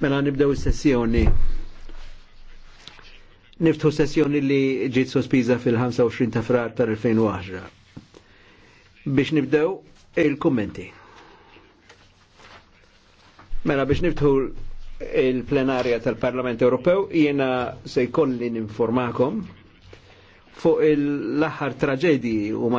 Mela nibdew is-sessjoni. Niftu sessjoni li ġiet sospiża fil-25 ta' frar tal-2010. Biex nibdew il-kummenti. Mela biex niftu il-plenarja tal-Parlament Ewropew jiena se jkolli ninformakom fuq il-aħħar traġedji u